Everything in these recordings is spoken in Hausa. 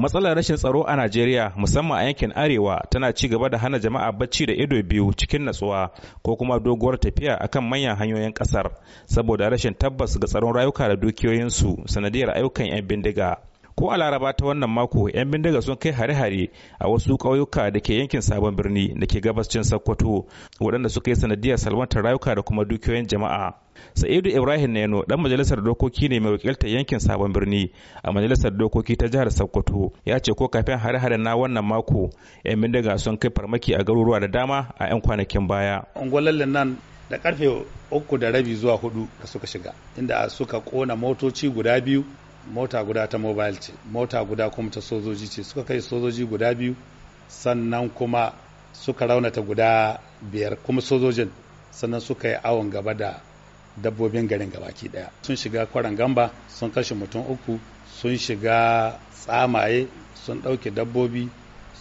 Matsalar rashin tsaro a Najeriya musamman a yankin Arewa tana ci gaba da hana jama'a bacci da ido biyu cikin natsuwa ko kuma doguwar tafiya akan manyan hanyoyin kasar saboda rashin tabbas ga tsaron rayuka da dukiyoyinsu sanadiyar ayyukan 'yan bindiga. Ko a Laraba ta wannan mako 'yan bindiga sun kai hare-hare a wasu ƙauyuka da ke yankin sabon birni da ke gabas cin Sokoto waɗanda suka yi sanadiyar salwantar rayuka da kuma dukiyoyin jama'a. sa'idu ibrahim neno dan majalisar dokoki ne mai wakiltar yankin sabon birni a majalisar dokoki ta jihar sokoto ya ce ko kafin hare-hare na wannan mako yan bindiga sun kai farmaki a garuruwa da dama a yan kwanakin baya ungwalallin nan da karfe uku da rabi zuwa hudu da suka shiga inda suka kona motoci guda biyu mota guda ta mobile ce mota guda kuma ta sojoji ce suka kai sojoji guda biyu sannan kuma suka raunata guda biyar kuma sojojin sannan suka yi awon gaba da dabbobin garin gabaki daya sun shiga kwaran gamba sun kashe mutum uku sun shiga tsamaye sun ɗauke dabbobi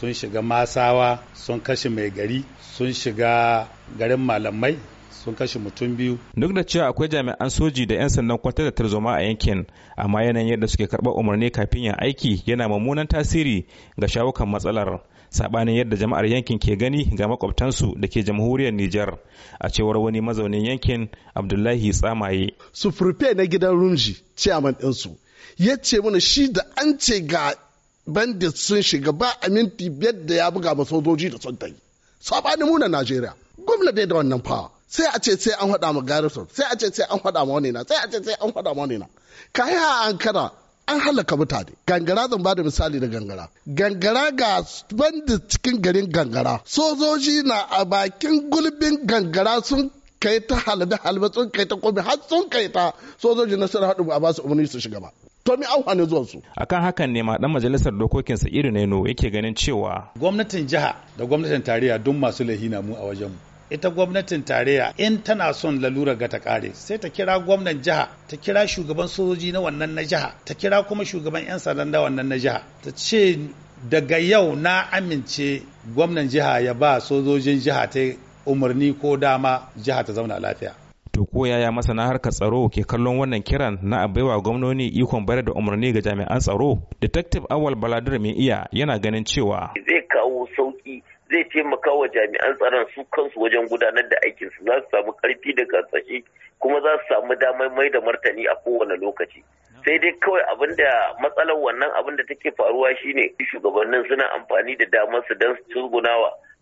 sun shiga masawa sun kashe mai gari sun shiga garin malamai sun kashe mutum biyu. Duk da cewa akwai jami'an soji da 'yan sandan kwantar da tarzoma a yankin, amma yanayin yadda suke karɓar umarni kafin yin aiki yana mummunan tasiri ga shawukan matsalar. sabanin yadda jama'ar yankin ke gani ga makwabtansu da ke jamhuriyar Nijar a cewar wani mazaunin yankin Abdullahi Tsamaye. Sufurfe na gidan Rumji ciyaman ɗinsu ya ce mana shi da an ce ga bandit sun shiga ba a minti biyar da ya buga ma sojoji da sun tai. Sabanin mu na Najeriya gwamnati da wannan fawa. sai a ce sai an haɗa ma garrison sai a ce sai an haɗa ma wani na sai a ce sai an haɗa ma wani na. ka Kaya a Ankara an halaka mutane gangara zan ba da misali da gangara gangara ga da cikin garin gangara sojoji na a bakin gulbin gangara sun kai ta halada halba sun kai ta kome har sun kai ta sojoji na sun haɗu a ba su umarni su shiga ba tomi mi an hane zuwan su akan hakan ne ma dan majalisar dokokin sa irin yake ganin cewa gwamnatin jiha da gwamnatin tarayya duk masu lahina mu a wajen mu ita gwamnatin tarayya in tana son lalura ga ta kare sai ta kira gwamnan jiha ta kira shugaban sojoji na wannan na jiha ta kira kuma shugaban 'yan sandan na wannan na jiha ta ce daga yau na amince gwamnan jiha ya ba sojojin jiha ta umarni ko dama jiha ta zauna lafiya to ko yaya masana harkar tsaro ke kallon wannan kiran na a baiwa gwamnoni ikon bayar da umarni ga jami'an tsaro detective awal baladir mai iya yana ganin cewa zai kawo sauki zai taimaka wa jami'an tsaron su kansu wajen gudanar da aikinsu za su samu karfi da gasashe kuma za su samu damar mai da martani a kowane lokaci sai dai kawai abin matsalar wannan abin da take faruwa shine shugabannin suna amfani da damar su don su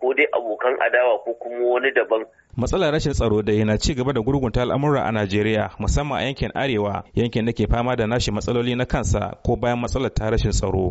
ko dai abokan adawa ko kuma wani daban matsalar rashin tsaro da yana ci gaba da gurgunta al'amura a Najeriya musamman a yankin arewa yankin da ke fama da nashi matsaloli na kansa ko bayan matsalar ta rashin tsaro